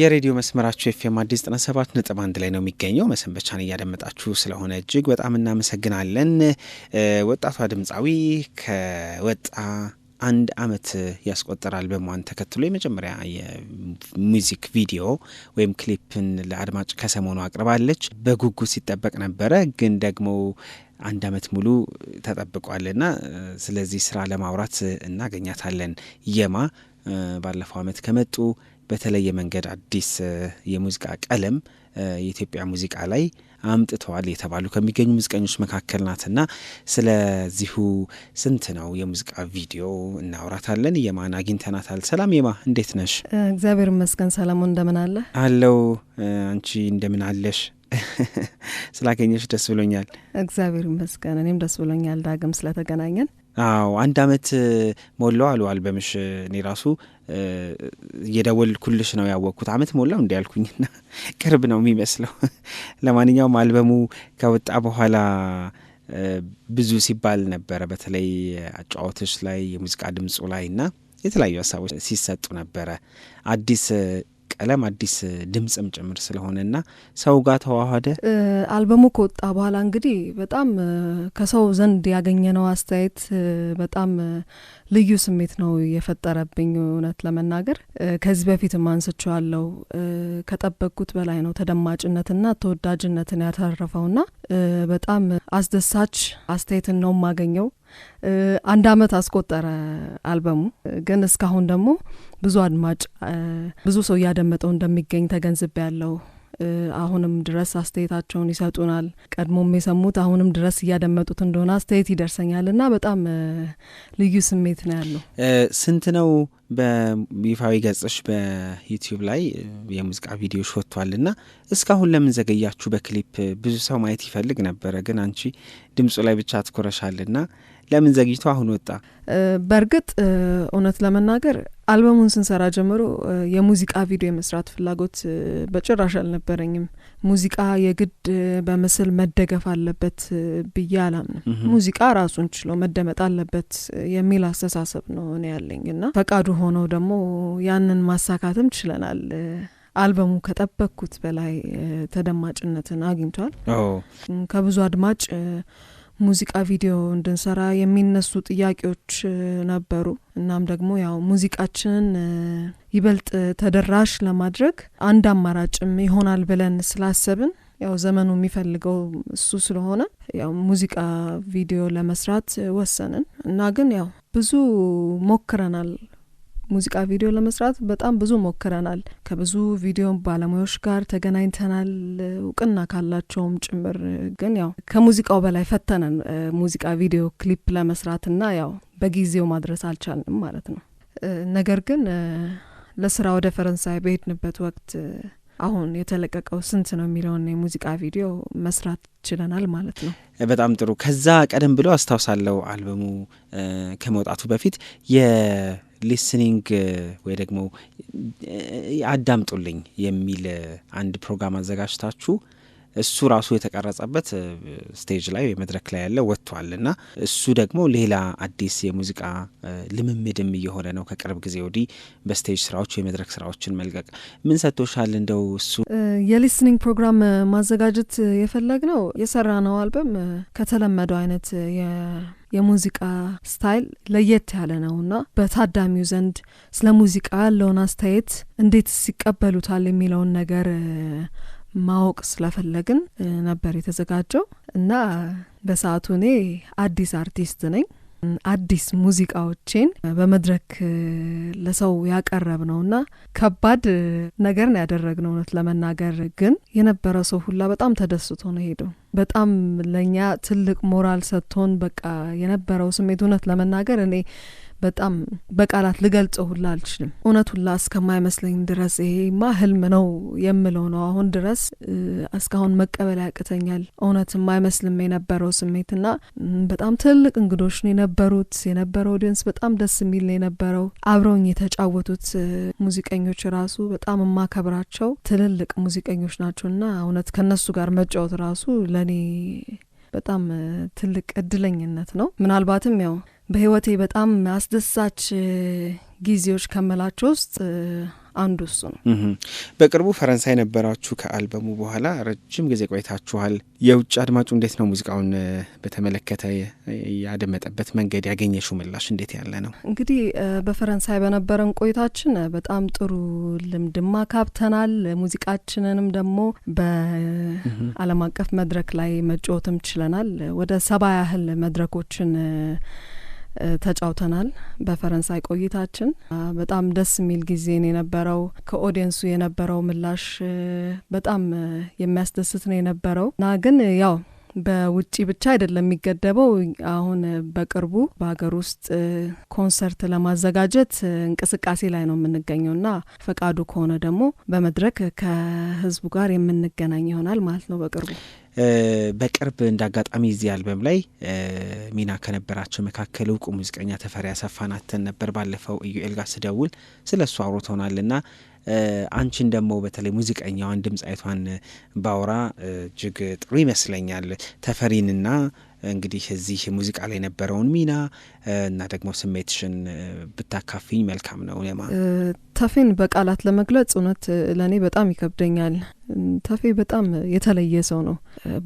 የሬዲዮ መስመራችሁ ኤፍኤም አዲስ ዘጠና ሰባት ነጥብ አንድ ላይ ነው የሚገኘው። መሰንበቻን እያደመጣችሁ ስለሆነ እጅግ በጣም እናመሰግናለን። ወጣቷ ድምፃዊ ከወጣ አንድ አመት ያስቆጠረ አልበሟን ተከትሎ የመጀመሪያ የሙዚክ ቪዲዮ ወይም ክሊፕን ለአድማጭ ከሰሞኑ አቅርባለች። በጉጉት ሲጠበቅ ነበረ ግን ደግሞ አንድ አመት ሙሉ ተጠብቋልና ስለዚህ ስራ ለማውራት እናገኛታለን። የማ ባለፈው አመት ከመጡ በተለየ መንገድ አዲስ የሙዚቃ ቀለም የኢትዮጵያ ሙዚቃ ላይ አምጥተዋል የተባሉ ከሚገኙ ሙዚቀኞች መካከል ናትና ስለዚሁ ስንት ነው የሙዚቃ ቪዲዮ እናውራታለን። የማን አግኝተናታል። ሰላም የማ እንዴት ነሽ? እግዚአብሔር ይመስገን ሰላሙ እንደምን አለ አለው። አንቺ እንደምን አለሽ? ስላገኘሽ ደስ ብሎኛል። እግዚአብሔር ይመስገን እኔም ደስ ብሎኛል ዳግም ስለተገናኘን አዎ አንድ አመት ሞላው አሉ አልበምሽ። እኔ ራሱ እየደወልኩልሽ ነው ያወቅኩት አመት ሞላው እንዲ ያልኩኝና ቅርብ ነው የሚመስለው። ለማንኛውም አልበሙ ከወጣ በኋላ ብዙ ሲባል ነበረ፣ በተለይ አጫዋቶች ላይ የሙዚቃ ድምፁ ላይ እና የተለያዩ ሀሳቦች ሲሰጡ ነበረ። አዲስ ቀለም አዲስ ድምፅም ጭምር ስለሆነና ሰው ጋር ተዋህደ። አልበሙ ከወጣ በኋላ እንግዲህ በጣም ከሰው ዘንድ ያገኘነው አስተያየት በጣም ልዩ ስሜት ነው የፈጠረብኝ። እውነት ለመናገር ከዚህ በፊትም አንስቼዋለሁ፣ ከጠበቅኩት በላይ ነው ተደማጭነትና ተወዳጅነትን ያተረፈውና በጣም አስደሳች አስተያየትን ነው የማገኘው። አንድ አመት አስቆጠረ አልበሙ ግን እስካሁን ደግሞ ብዙ አድማጭ ብዙ ሰው እያደመጠው እንደሚገኝ ተገንዝቤ ያለው አሁንም ድረስ አስተያየታቸውን ይሰጡናል። ቀድሞም የሰሙት አሁንም ድረስ እያደመጡት እንደሆነ አስተያየት ይደርሰኛል እና በጣም ልዩ ስሜት ነው ያለው። ስንት ነው በይፋዊ ገጽሽ በዩቲዩብ ላይ የሙዚቃ ቪዲዮች ወጥቷል እና እስካሁን ለምን ዘገያችሁ? በክሊፕ ብዙ ሰው ማየት ይፈልግ ነበረ፣ ግን አንቺ ድምፁ ላይ ብቻ እና ለምን ዘግይቶ አሁን ወጣ? በእርግጥ እውነት ለመናገር አልበሙን ስንሰራ ጀምሮ የሙዚቃ ቪዲዮ የመስራት ፍላጎት በጭራሽ አልነበረኝም። ሙዚቃ የግድ በምስል መደገፍ አለበት ብዬ አላምንም። ሙዚቃ ራሱን ችሎ መደመጥ አለበት የሚል አስተሳሰብ ነው እኔ ያለኝ እና ፈቃዱ ሆነው ደግሞ ያንን ማሳካትም ችለናል። አልበሙ ከጠበቅኩት በላይ ተደማጭነትን አግኝቷል ከብዙ አድማጭ ሙዚቃ ቪዲዮ እንድንሰራ የሚነሱ ጥያቄዎች ነበሩ። እናም ደግሞ ያው ሙዚቃችንን ይበልጥ ተደራሽ ለማድረግ አንድ አማራጭም ይሆናል ብለን ስላሰብን ያው ዘመኑ የሚፈልገው እሱ ስለሆነ ያው ሙዚቃ ቪዲዮ ለመስራት ወሰንን እና ግን ያው ብዙ ሞክረናል ሙዚቃ ቪዲዮ ለመስራት በጣም ብዙ ሞክረናል። ከብዙ ቪዲዮ ባለሙያዎች ጋር ተገናኝተናል፣ እውቅና ካላቸውም ጭምር። ግን ያው ከሙዚቃው በላይ ፈተነን ሙዚቃ ቪዲዮ ክሊፕ ለመስራትና ያው በጊዜው ማድረስ አልቻልንም ማለት ነው። ነገር ግን ለስራ ወደ ፈረንሳይ በሄድንበት ወቅት አሁን የተለቀቀው ስንት ነው የሚለውን የሙዚቃ ቪዲዮ መስራት ችለናል ማለት ነው። በጣም ጥሩ። ከዛ ቀደም ብሎ አስታውሳለሁ አልበሙ ከመውጣቱ በፊት ሊስኒንግ ወይ ደግሞ አዳምጡልኝ የሚል አንድ ፕሮግራም አዘጋጅታችሁ እሱ ራሱ የተቀረጸበት ስቴጅ ላይ መድረክ ላይ ያለ ወጥቷል እና እሱ ደግሞ ሌላ አዲስ የሙዚቃ ልምምድም እየሆነ ነው። ከቅርብ ጊዜ ወዲህ በስቴጅ ስራዎች የመድረክ ስራዎችን መልቀቅ ምን ሰጥቶሻል? እንደው እሱ የሊስኒንግ ፕሮግራም ማዘጋጀት የፈለግ ነው የሰራ ነው አልበም ከተለመደው አይነት የሙዚቃ ስታይል ለየት ያለ ነው እና በታዳሚው ዘንድ ስለ ሙዚቃ ያለውን አስተያየት እንዴት ይቀበሉታል የሚለውን ነገር ማወቅ ስለፈለግን ነበር የተዘጋጀው እና በሰዓቱ እኔ አዲስ አርቲስት ነኝ አዲስ ሙዚቃዎቼን በመድረክ ለሰው ያቀረብ ነውና ከባድ ነገር ነው ያደረግነው። እውነት ለመናገር ግን የነበረ ሰው ሁላ በጣም ተደስቶ ነው ሄደው። በጣም ለእኛ ትልቅ ሞራል ሰጥቶን በቃ የነበረው ስሜት እውነት ለመናገር እኔ በጣም በቃላት ልገልጸው ሁላ አልችልም። እውነት ሁላ እስከማይመስለኝ ድረስ ይሄማ ህልም ነው የምለው ነው አሁን ድረስ እስካሁን መቀበል ያቅተኛል። እውነትም አይመስልም የነበረው ስሜትና በጣም ትልቅ እንግዶች ነው የነበሩት። የነበረው ኦዲየንስ በጣም ደስ የሚል ነው የነበረው። አብረውኝ የተጫወቱት ሙዚቀኞች ራሱ በጣም የማከብራቸው ትልልቅ ሙዚቀኞች ናቸውና እውነት ከነሱ ጋር መጫወት ራሱ ለእኔ በጣም ትልቅ እድለኝነት ነው ምናልባትም ያው በህይወቴ በጣም አስደሳች ጊዜዎች ከምላችሁ ውስጥ አንዱ እሱ ነው። በቅርቡ ፈረንሳይ ነበራችሁ። ከአልበሙ በኋላ ረጅም ጊዜ ቆይታችኋል። የውጭ አድማጩ እንዴት ነው ሙዚቃውን በተመለከተ ያደመጠበት መንገድ ያገኘሽው ምላሽ እንዴት ያለ ነው? እንግዲህ በፈረንሳይ በነበረን ቆይታችን በጣም ጥሩ ልምድማ ካብተናል። ሙዚቃችንንም ደግሞ በዓለም አቀፍ መድረክ ላይ መጫወትም ችለናል። ወደ ሰባ ያህል መድረኮችን ተጫውተናል። በፈረንሳይ ቆይታችን በጣም ደስ የሚል ጊዜን የነበረው ከኦዲየንሱ የነበረው ምላሽ በጣም የሚያስደስት ነው የነበረው እና ግን ያው በውጪ ብቻ አይደለም የሚገደበው። አሁን በቅርቡ በሀገር ውስጥ ኮንሰርት ለማዘጋጀት እንቅስቃሴ ላይ ነው የምንገኘው እና ፈቃዱ ከሆነ ደግሞ በመድረክ ከህዝቡ ጋር የምንገናኝ ይሆናል ማለት ነው በቅርቡ በቅርብ እንደ አጋጣሚ እዚህ አልበም ላይ ሚና ከነበራቸው መካከል እውቁ ሙዚቀኛ ተፈሪ አሰፋ ናተን ነበር ባለፈው ኢዩኤል ጋር ስደውል ስለ እሱ አውርተናል ና አንቺን ደግሞ በተለይ ሙዚቀኛዋን ድምጻዊቷን ባውራ እጅግ ጥሩ ይመስለኛል ተፈሪንና እንግዲህ እዚህ ሙዚቃ ላይ የነበረውን ሚና እና ደግሞ ስሜትሽን ብታካፍኝ መልካም ነው። ማ ተፌን በቃላት ለመግለጽ እውነት ለእኔ በጣም ይከብደኛል። ተፌ በጣም የተለየ ሰው ነው።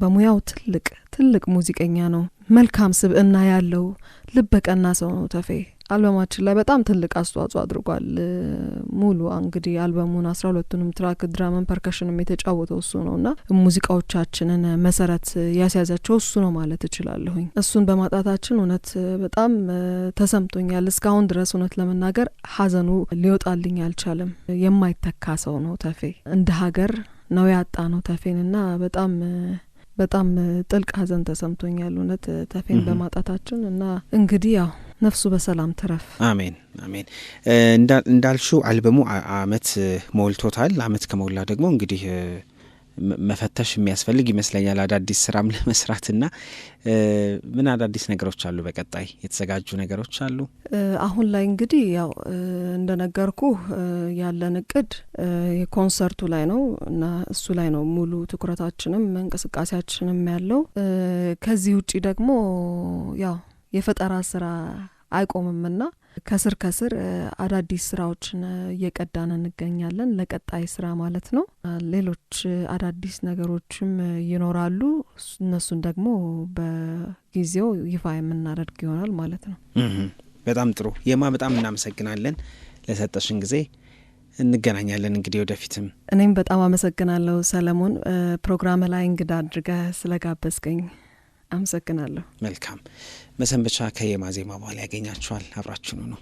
በሙያው ትልቅ ትልቅ ሙዚቀኛ ነው። መልካም ስብእና ያለው ልበቀና ሰው ነው ተፌ። አልበማችን ላይ በጣም ትልቅ አስተዋጽኦ አድርጓል። ሙሉ እንግዲህ አልበሙን አስራ ሁለቱንም ትራክ ድራመን ፐርከሽንም የተጫወተው እሱ ነው እና ሙዚቃዎቻችንን መሰረት ያስያዛቸው እሱ ነው ማለት እችላለሁኝ። እሱን በማጣታችን እውነት በጣም ተሰምቶኛል። እስካሁን ድረስ እውነት ለመናገር ሀዘኑ ሊወጣልኝ አልቻለም። የማይተካ ሰው ነው ተፌ። እንደ ሀገር ነው ያጣ ነው ተፌን እና በጣም በጣም ጥልቅ ሀዘን ተሰምቶኛል እውነት ተፌን በማጣታችን እና እንግዲህ ያው ነፍሱ በሰላም ትረፍ። አሜን አሜን። እንዳልሹ አልበሙ አመት ሞልቶታል። አመት ከሞላ ደግሞ እንግዲህ መፈተሽ የሚያስፈልግ ይመስለኛል። አዳዲስ ስራም ለመስራትና ምን አዳዲስ ነገሮች አሉ? በቀጣይ የተዘጋጁ ነገሮች አሉ? አሁን ላይ እንግዲህ ያው እንደነገርኩ ያለን እቅድ የኮንሰርቱ ላይ ነው እና እሱ ላይ ነው ሙሉ ትኩረታችንም እንቅስቃሴያችንም ያለው። ከዚህ ውጪ ደግሞ ያው የፈጠራ ስራ አይቆምምና ከስር ከስር አዳዲስ ስራዎችን እየቀዳን እንገኛለን። ለቀጣይ ስራ ማለት ነው። ሌሎች አዳዲስ ነገሮችም ይኖራሉ። እነሱን ደግሞ በጊዜው ይፋ የምናደርግ ይሆናል ማለት ነው። በጣም ጥሩ የማ በጣም እናመሰግናለን ለሰጠሽን ጊዜ እንገናኛለን እንግዲህ ወደፊትም። እኔም በጣም አመሰግናለሁ ሰለሞን፣ ፕሮግራም ላይ እንግዳ አድርገህ ስለጋበዝከኝ። አመሰግናለሁ። መልካም መሰንበቻ ከየማ ዜማ በኋላ ያገኛችኋል። አብራችኑ ነው